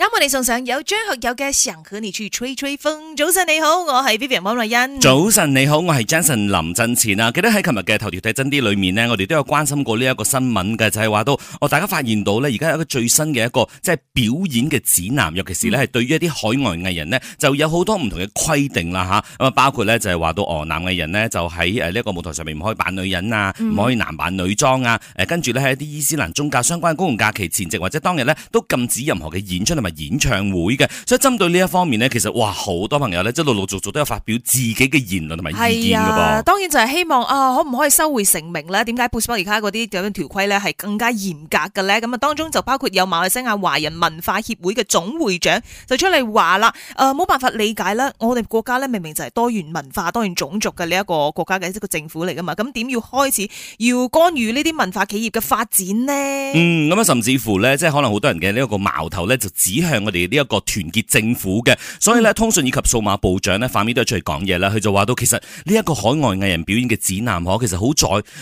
咁我哋送上有張學友嘅《想和你去吹吹風》。早晨你好，我係 Vivian 汪麗欣。早晨你好，我係 Jason 林振前啊！記得喺琴日嘅頭條睇真啲裏面咧，我哋都有關心過呢一個新聞嘅，就係、是、話到哦，大家發現到咧，而家有一個最新嘅一個即係、就是、表演嘅指南，尤其是咧係對於一啲海外藝人咧就有好多唔同嘅規定啦吓。咁啊，包括咧就係話到哦，男藝人咧就喺誒呢個舞台上面唔可以扮女人啊，唔可以男扮女裝啊。誒、嗯，跟住咧喺一啲伊斯蘭宗教相關公共假期前夕或者當日咧都禁止任何嘅演出同埋，演唱會嘅，所以針對呢一方面呢，其實哇，好多朋友咧，即係陸陸續續都有發表自己嘅言論同埋意見噶噃、啊。當然就係希望啊、呃，可唔可以收回聲明咧？點解波斯波利卡嗰啲咁樣條規咧係更加嚴格嘅咧？咁啊，當中就包括有馬來西亞華人文化協會嘅總會長就出嚟話啦，誒、呃，冇辦法理解啦，我哋國家咧明明就係多元文化、多元種族嘅呢一個國家嘅一個政府嚟噶嘛，咁點要開始要干預呢啲文化企業嘅發展呢？嗯，嗯，咁啊，甚至乎咧，即係可能好多人嘅呢個矛頭咧，就指。向我哋呢一個團結政府嘅，所以咧通訊以及數碼部長呢，反面都係出嚟講嘢啦。佢就話到其這，其實呢一個海外藝人表演嘅指南，嗬，其實好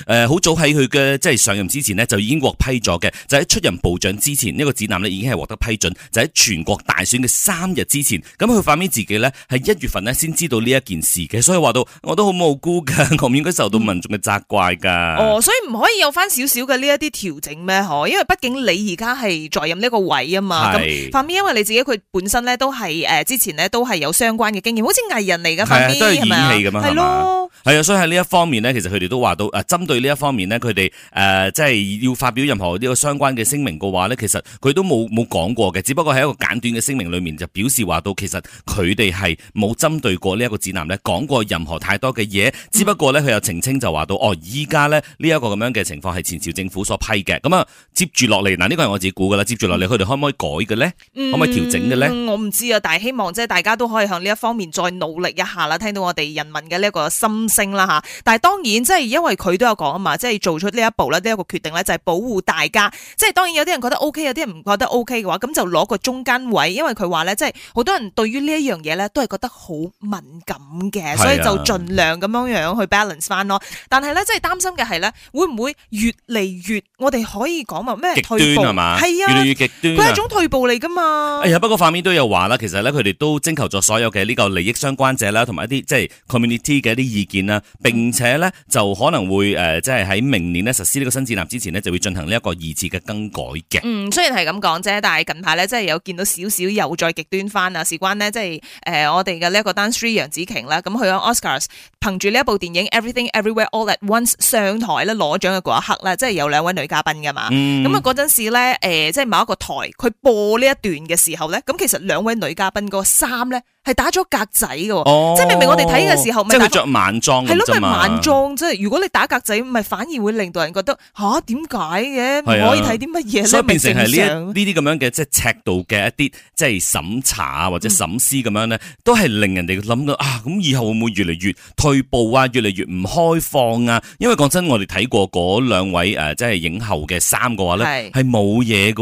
在誒，好早喺佢嘅即係上任之前呢，就已經獲批咗嘅。就喺出任部長之前，呢、呢個指南呢已經係獲得批准。就喺全國大選嘅三日之前，咁佢反面自己呢，係一月份呢先知道呢一件事嘅。所以話到我很，我都好無辜噶，我唔應該受到民眾嘅責怪噶。哦，所以唔可以有翻少少嘅呢一啲調整咩？嗬，因為畢竟你而家係在任呢個位啊嘛。係。因為你自己佢本身咧都係誒之前咧都係有相關嘅經驗，好似藝人嚟嘅，係對咪？係咯吧。係啊，所以喺呢一方面呢，其實佢哋都話到，誒，針對呢一方面呢，佢哋誒，即係要發表任何呢個相關嘅聲明嘅話呢，其實佢都冇冇講過嘅，只不過喺一個簡短嘅聲明裏面就表示話到，其實佢哋係冇針對過呢一個指南呢，講過任何太多嘅嘢，只不過呢，佢又澄清就話到，哦，依家呢，呢一個咁樣嘅情況係前朝政府所批嘅，咁啊接住落嚟嗱，呢個係我自己估噶啦，接住落嚟佢哋可唔可以改嘅呢？嗯、可唔可以調整嘅呢？我唔知啊，但係希望即係大家都可以向呢一方面再努力一下啦。聽到我哋人民嘅呢個心。聲啦吓，但係當然即係因為佢都有講啊嘛，即係做出呢一步咧，呢一個決定咧就係保護大家。即係當然有啲人覺得 OK，有啲人唔覺得 O K 嘅話，咁就攞個中間位，因為佢話咧，即係好多人對於呢一樣嘢咧都係覺得好敏感嘅，所以就盡量咁樣樣去 balance 翻。咯係啊、但係咧，即係擔心嘅係咧，會唔會越嚟，越我哋可以講話咩退步？極端係嘛？係啊，越嚟越極端啊！佢係一種退步嚟噶嘛。哎呀，不過反面都有話啦，其實咧佢哋都徵求咗所有嘅呢個利益相關者啦，同埋一啲即係 community 嘅一啲意見見啦，並且咧就可能會誒，即係喺明年咧實施呢個新制立之前呢，就會進行呢一個二次嘅更改嘅。嗯，雖然係咁講啫，但係近排咧即係有見到少少又再極端翻啊！事關呢，即係誒我哋嘅呢一個單 three 楊紫瓊啦，咁去咗 Oscars。憑住呢一部電影 Everything Everywhere All at Once 上台咧攞獎嘅嗰一刻呢，即係有兩位女嘉賓噶嘛，咁啊嗰陣時咧，誒、呃，即係某一個台佢播呢一段嘅時候咧，咁其實兩位女嘉賓個衫咧係打咗格仔嘅，哦、即係明明我哋睇嘅時候即穿、啊，即係着晚裝係咯，係晚裝，即係如果你打格仔，咪反而會令到人覺得吓，點解嘅？啊、唔可以睇啲乜嘢呢？所以變成，明顯係呢呢啲咁樣嘅，即係尺度嘅一啲，即係審查啊或者審思咁樣咧，嗯、都係令人哋諗到啊，咁以後會唔會越嚟越退？預報啊，越嚟越唔開放啊！因為講真，我哋睇過嗰兩位誒，即係影后嘅三個話咧，係冇嘢嘅。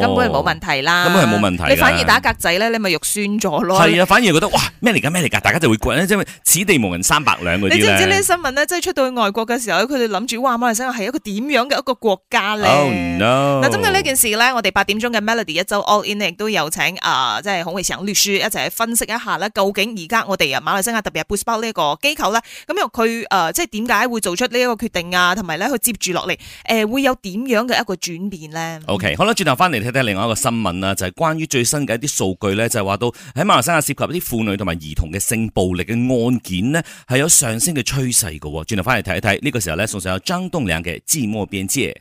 根本係冇問題啦，根本係冇問題。你反而打格仔咧，你咪肉酸咗咯。係啊，反而覺得哇咩嚟噶，咩嚟噶，大家就會覺得即係此地無銀三百兩嗰啲。你知唔知呢啲新聞呢？即係出到去外國嘅時候，佢哋諗住哇，馬來西亞係一個點樣嘅一個國家咧？Oh no！嗱，針對呢件事呢，我哋八點鐘嘅 Melody 一周 All In 亦都有請啊，即係孔慧祥律師一齊分析一下咧，究竟而家我哋啊馬來西亞特別係 Baseball 呢一個機構。好啦，咁又佢誒、呃，即係點解會做出呢一個決定啊？同埋咧，佢接住落嚟誒，會有點樣嘅一個轉變咧？OK，好啦，轉頭翻嚟睇睇另外一個新聞啦，就係、是、關於最新嘅一啲數據咧，就係、是、話到喺馬來西亞涉及啲婦女同埋兒童嘅性暴力嘅案件呢，係有上升嘅趨勢喎。轉頭翻嚟睇一睇呢個時候咧，送上有張棟樑嘅《寂寞邊界》。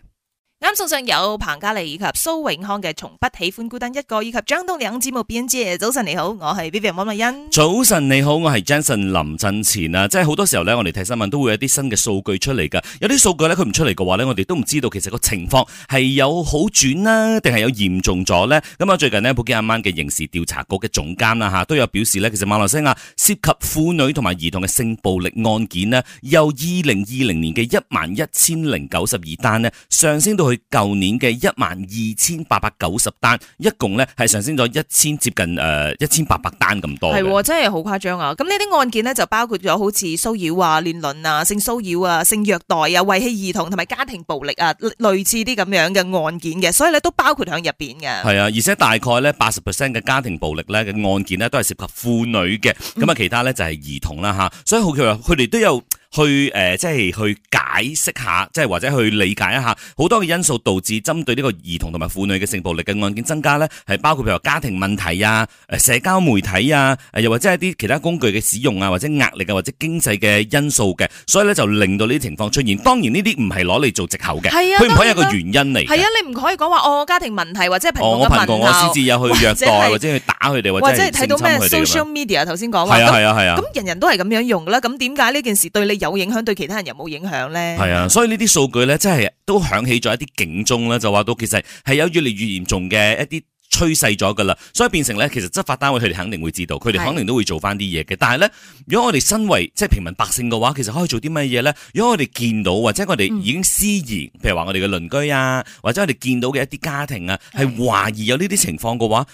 啱送上有彭嘉麗以及蘇永康嘅《從不喜歡孤單一個》，以及張東兩姊目編織。早晨你好，我係 Vivian 汪文欣。早晨你好，我係 Jensen 林振前啊！即係好多時候呢，我哋睇新聞都會有啲新嘅數據出嚟噶。有啲數據呢，佢唔出嚟嘅話呢，我哋都唔知道其實個情況係有好轉啦，定係有嚴重咗呢。咁啊，最近呢，武吉阿曼嘅刑事調查局嘅總監啦吓，都有表示呢，其實馬來西亞涉及婦女同埋兒童嘅性暴力案件呢，由二零二零年嘅一萬一千零九十二單呢，上升到。佢舊年嘅一萬二千八百九十單，一共咧係上升咗一千接近誒一千八百單咁多。係喎，真係好誇張啊！咁呢啲案件咧就包括咗好似騷擾啊、亂倫啊、性騷擾啊、性虐待啊、遺棄兒童同埋家庭暴力啊，類似啲咁樣嘅案件嘅，所以咧都包括喺入邊嘅。係啊，而且大概咧八十 percent 嘅家庭暴力咧嘅案件咧都係涉及婦女嘅，咁啊、嗯、其他咧就係兒童啦吓，所以好佢話佢哋都有。去誒、呃，即係去解釋下，即係或者去理解一下，好多嘅因素導致針對呢個兒童同埋婦女嘅性暴力嘅案件增加咧，係包括譬如家庭問題啊，誒社交媒體啊，又或者係一啲其他工具嘅使用啊，或者壓力啊或者經濟嘅因素嘅，所以咧就令到呢啲情況出現。當然呢啲唔係攞嚟做借口嘅，佢唔、啊、可，可以有一個原因嚟。係啊，你唔可以講話哦，家庭問題或者貧窮。我貧窮，我先至有去虐待或者去打佢哋，或者係睇、哦、到咩 social media 頭先講話，係啊係啊係啊，咁人人都係咁樣用啦，咁點解呢件事對你？有影響對其他人有冇影響呢？係啊，所以呢啲數據呢，真係都響起咗一啲警鐘啦，就話到其實係有越嚟越嚴重嘅一啲趨勢咗噶啦，所以變成呢，其實執法單位佢哋肯定會知道，佢哋肯定都會做翻啲嘢嘅。但係呢，如果我哋身為即係平民百姓嘅話，其實可以做啲乜嘢呢？如果我哋見到或者我哋已經思疑，嗯、譬如話我哋嘅鄰居啊，或者我哋見到嘅一啲家庭啊，係懷疑有呢啲情況嘅話。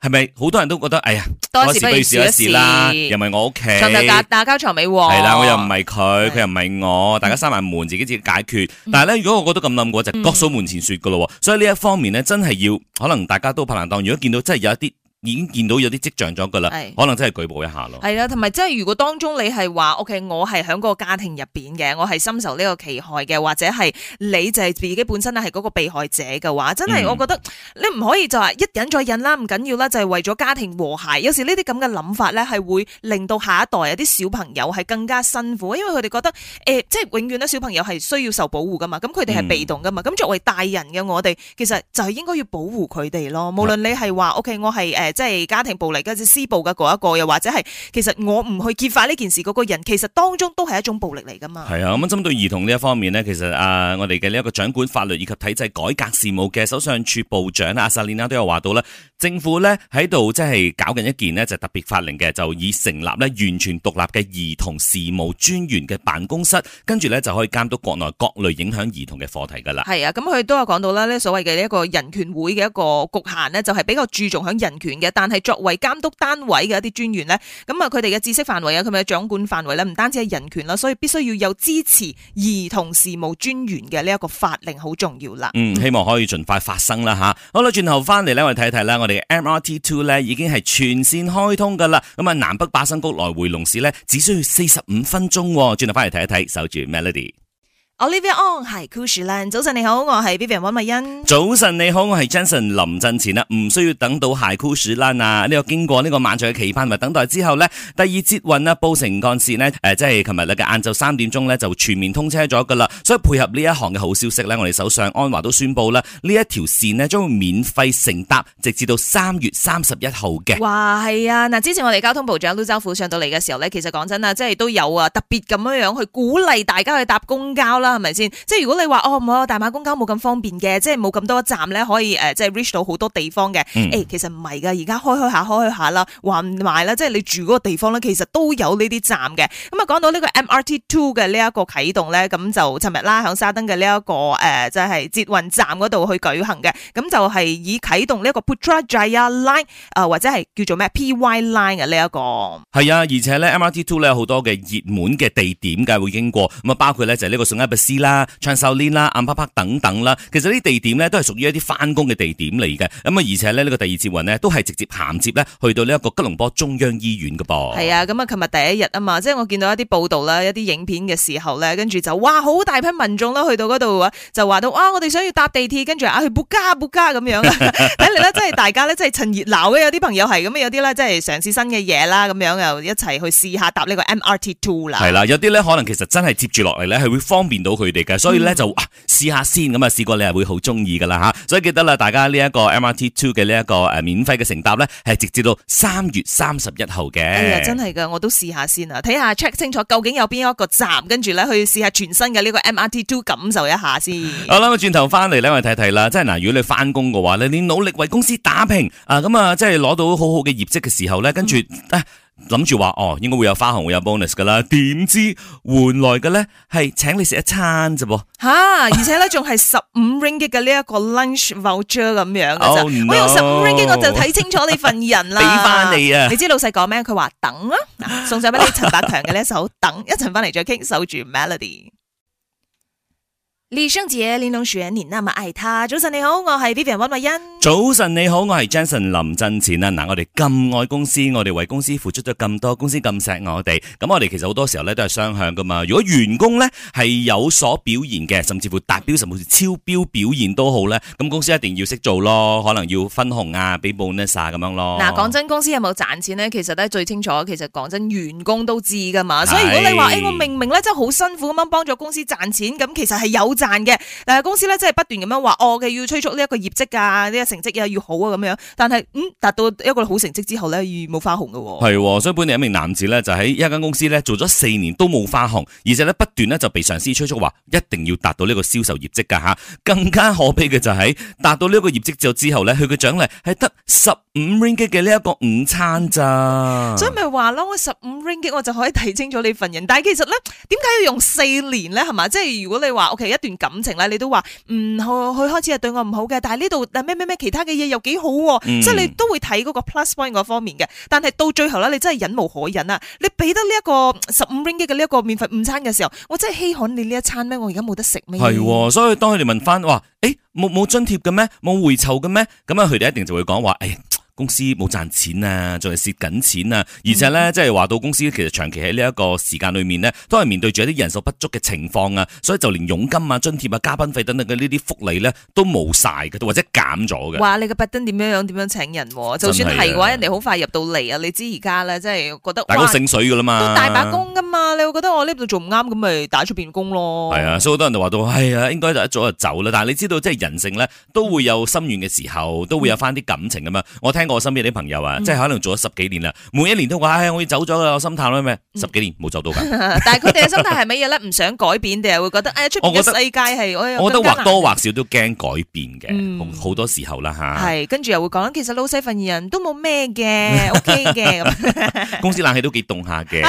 係咪好多人都覺得哎呀，多事不如少事啦？又唔係我屋企，就打打交叉床尾、啊。係啦，我又唔係佢，佢的又唔係我，大家閂埋門自己自己解決。嗯、但係咧，如果我覺得咁諗嘅話，就各掃門前雪噶咯。嗯、所以呢一方面咧，真係要可能大家都拍難當。如果見到真係有一啲。已經見到有啲跡象咗噶啦，是可能真係舉報一下咯、啊。係啦，同埋即係如果當中你係話，OK，我係響個家庭入邊嘅，我係深受呢個其害嘅，或者係你就係自己本身咧係嗰個被害者嘅話，真係我覺得你唔可以就話一忍再忍啦，唔緊要啦，就係、是、為咗家庭和諧。有時呢啲咁嘅諗法咧，係會令到下一代有啲小朋友係更加辛苦，因為佢哋覺得誒，即、呃、係、就是、永遠咧小朋友係需要受保護噶嘛，咁佢哋係被動噶嘛，咁、嗯、作為大人嘅我哋，其實就係應該要保護佢哋咯。無論你係話，OK，我係誒。呃即係家庭暴力、跟住施暴嘅嗰一個，又或者係其實我唔去揭發呢件事嗰個人，其實當中都係一種暴力嚟噶嘛。係啊，咁針對兒童呢一方面呢，其實啊，我哋嘅呢一個掌管法律以及體制改革事務嘅首相署部長阿薩尼亞都有話到咧，政府呢喺度即係搞緊一件呢就特別法令嘅，就以成立呢完全獨立嘅兒童事務專員嘅辦公室，跟住呢就可以監督國內各類影響兒童嘅課題噶啦。係啊，咁佢都有講到啦，呢所謂嘅呢一個人權會嘅一個局限呢，就係比較注重喺人權。但係作為監督單位嘅一啲專員呢，咁啊，佢哋嘅知識範圍啊，佢哋嘅掌管範圍呢，唔單止係人權啦，所以必須要有支持兒童事務專員嘅呢一個法令，好重要啦，嗯。嗯，希望可以盡快發生啦吓。好啦，轉頭翻嚟呢，我哋睇一睇啦，我哋嘅 MRT Two 呢已經係全線開通噶啦，咁啊南北巴生谷來回龍市呢，只需要四十五分鐘。轉頭翻嚟睇一睇，守住 Melody。Olivia On h i g 系 k u s h i a n 早晨你好，我係 v i v i a n 溫美欣。早晨你好，我係 Jason 林振前啊！唔需要等到 h i g 鞋 k u s h i a n 啊！呢、這個經過呢、這個漫長嘅期盼同埋等待之後呢，第二捷運啊，布城幹線呢，誒、呃，即係琴日嘅晏晝三點鐘呢，就全面通車咗噶啦。所以配合呢一行嘅好消息呢，我哋首相安華都宣布啦，呢一條線呢將會免費乘搭，直至到三月三十一號嘅。哇，係啊！嗱，之前我哋交通部長盧州府上到嚟嘅時候呢，其實講真啊，即係都有啊，特別咁樣樣去鼓勵大家去搭公交啦。係咪先？即係如果你話哦唔好，大馬公交冇咁方便嘅，即係冇咁多站咧，可以誒，即係 reach 到好多地方嘅。誒，其實唔係噶，而家開開下，開開下啦，話唔埋啦，即係你住嗰個地方咧，其實都有呢啲站嘅。咁啊，講到呢個 MRT Two 嘅呢一個啟動咧，咁就尋日啦，響沙登嘅呢一個誒，即係捷運站嗰度去舉行嘅。咁就係以啟動呢一個 Putrajaya Line 啊，或者係叫做咩 Py Line 嘅呢一個。係啊，而且咧 MRT Two 咧好多嘅熱門嘅地點嘅會經過，咁啊包括咧就係呢個啦、唱秀 link 啦、暗啪啪等等啦，其實呢啲地點呢都係屬於一啲返工嘅地點嚟嘅。咁啊，而且咧呢個第二捷運呢都係直接銜接呢去到呢一個吉隆坡中央醫院嘅噃。係啊，咁啊，琴日第一日啊嘛，即係我見到一啲報道啦，一啲影片嘅時候呢，跟住就哇好大批民眾啦去到嗰度啊，就話到哇我哋想要搭地鐵，跟住啊去卜家卜家咁樣。睇嚟呢，即係大家呢，即係趁熱鬧嘅，有啲朋友係咁有啲呢，即係嘗試新嘅嘢啦，咁樣又一齊去試下搭呢個 MRT Two 啦。係啦，有啲呢，可能其實真係接住落嚟呢，係會方便到。到佢哋嘅，所以咧就試、嗯、下先咁啊！試過你係會好中意噶啦吓，所以記得啦，大家呢一個 MRT Two 嘅呢一個誒免費嘅乘搭咧，係直接到三月三十一號嘅。哎呀，真係噶，我都試下先啊，睇下 check 清楚究竟有邊一個站，跟住咧去試下全新嘅呢個 MRT Two 感受一下先。好啦，我轉頭翻嚟咧，我哋睇睇啦，即係嗱，如果你翻工嘅話咧，你努力為公司打拼啊，咁啊，即係攞到好好嘅業績嘅時候咧，跟住諗住話哦，應該會有花紅會有 bonus 噶啦，點知換來嘅咧係請你食一餐咋喎。吓、啊，而且咧仲係十五 ringgit 嘅呢一 個 lunch voucher 咁樣嘅咋、oh, no.，我用十五 ringgit 我就睇清楚你份人啦。俾翻 你啊！你知老細講咩？佢話等啊，送上俾你陳百強嘅呢一首 等，一陣翻嚟再傾，守住 melody。李生姐、李龍雪，年，那麼愛他。早晨你好，我係 Vivian 溫美欣。早晨你好，我係 Jason 林振前啊。嗱，我哋咁愛公司，我哋為公司付出咗咁多，公司咁錫我哋，咁、嗯、我哋其實好多時候咧都係雙向噶嘛。如果員工咧係有所表現嘅，甚至乎達標甚至超標表現都好咧，咁、嗯、公司一定要識做咯，可能要分紅啊，俾 bonus 啊咁樣咯。嗱、啊，講真，公司有冇賺錢咧？其實都係最清楚。其實講真，員工都知噶嘛。是所以如果你話誒、欸，我明明咧真係好辛苦咁樣幫助公司賺錢，咁其實係有。賺嘅，但係公司咧真係不斷咁樣話，哦嘅要催促呢一個業績啊，呢、這個成績啊要好啊咁樣。但係嗯達到一個好成績之後咧，冇花紅嘅喎、哦。係、哦，所以本地一名男子咧就喺一間公司咧做咗四年都冇花紅，而且咧不斷咧就被上司催促話一定要達到呢個銷售業績噶吓。更加可悲嘅就係、是、達到呢個業績之後咧，佢嘅獎勵係得十五 ringgit 嘅呢一個午餐咋。所以咪話咯，我十五 ringgit 我就可以睇清楚你份人。但係其實咧，點解要用四年咧？係嘛，即、就、係、是、如果你話屋企一感情啦，你都話唔好，佢、嗯、開始係對我唔好嘅，但係呢度咩咩咩其他嘅嘢又幾好、啊，即係、嗯、你都會睇嗰個 plus point 嗰方面嘅。但係到最後啦，你真係忍無可忍啊！你俾得呢一個十五 Ringgit 嘅呢一個免費午餐嘅時候，我真係稀罕你呢一餐咩？我而家冇得食咩？係、哦，所以當佢哋問翻話，誒，冇、欸、冇津貼嘅咩？冇回酬嘅咩？咁啊，佢哋一定就會講話，誒、哎。公司冇賺錢啊，仲係蝕緊錢啊，而且咧、嗯、即係話到公司其實長期喺呢一個時間裏面咧，都係面對住一啲人手不足嘅情況啊，所以就連佣金啊、津貼啊、嘉賓費等等嘅呢啲福利咧都冇晒嘅，都或者減咗嘅。哇你個八丁點樣樣點樣請人喎、啊？就算係嘅話，人哋好快入到嚟啊！你知而家咧，即係覺得大把薪水㗎啦嘛，都大把工嘅嘛。你會覺得我呢度做唔啱咁，咪打出邊工咯？係啊，所以好多人都話到，係、哎、啊，應該就一早就走啦。但係你知道即係人性咧，都會有心軟嘅時候，都會有翻啲感情㗎嘛。嗯、我聽我身邊啲朋友啊，即係可能做咗十幾年啦，每一年都話唉，我要走咗啦，我心態啦咩？十幾年冇走到噶，但係佢哋嘅心態係乜嘢咧？唔想改變定係會覺得唉？出邊嘅世界係我，我覺得或多或少都驚改變嘅，好多時候啦吓。係跟住又會講，其實老細份人都冇咩嘅，OK 嘅咁，公司冷氣都幾凍下嘅，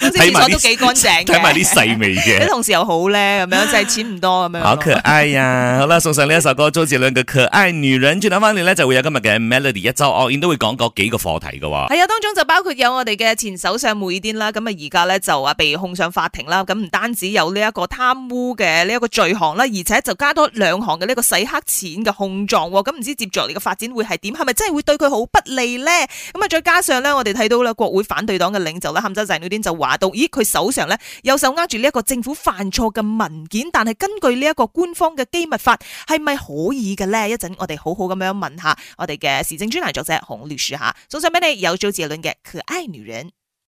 廁所都幾乾淨，睇埋啲細味嘅。啲同事又好咧，咁樣就係錢唔多咁樣。好可愛呀！好啦，送上呢一首歌，周杰倫嘅《可愛女人》。轉頭翻嚟咧，就會有今日嘅 Melody 一周我應都會講嗰幾個課題嘅喎。係啊，當中就包括有我哋嘅前首相梅甸啦。咁啊，而家咧就啊被控上法庭啦。咁唔單止有呢一個貪污嘅呢一個罪行啦，而且就加多了兩項嘅呢個洗黑錢嘅控狀喎。咁唔知接續嚟嘅發展會係點？係咪真係會對佢好不利咧？咁啊，再加上咧，我哋睇到啦，國會反對黨嘅領袖啦，堪州仔嗰啲就話到，咦，佢手上咧有手握住呢一個政府犯錯嘅文件，但係根據呢一個官方嘅機密法，係咪可以嘅咧？一陣我哋好好咁樣問下我哋嘅正職男主持洪律師哈，送上俾你有周杰倫嘅可愛女人。